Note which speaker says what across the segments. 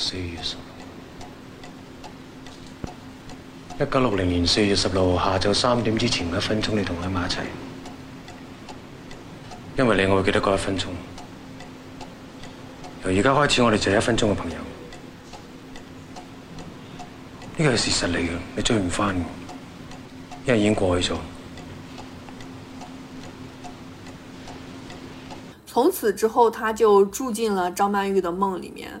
Speaker 1: 四月十六，一九六零年四月十六號下晝三點之前嘅一分鐘，你同我喺埋一齊，因為你我會記得嗰一分鐘。由而家開始，我哋就係一分鐘嘅朋友，呢個係事實嚟嘅，你追唔翻嘅，因為已經過去咗。從此之後，他就住進了張曼玉嘅夢裏面。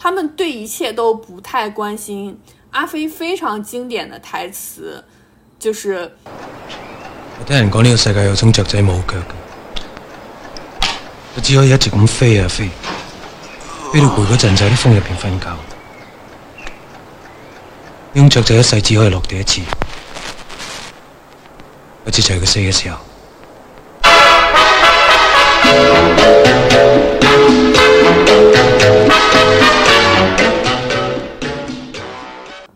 Speaker 1: 他們對一切都不太關心。阿飛非常經典的台詞就是：“我聽人講呢個世界，有種雀仔冇腳嘅，佢只可以一直咁飛啊飛，飛到攰嗰陣就喺啲風入邊瞓覺。呢種雀仔一世只可以落地一次，一次就係佢死嘅時候。”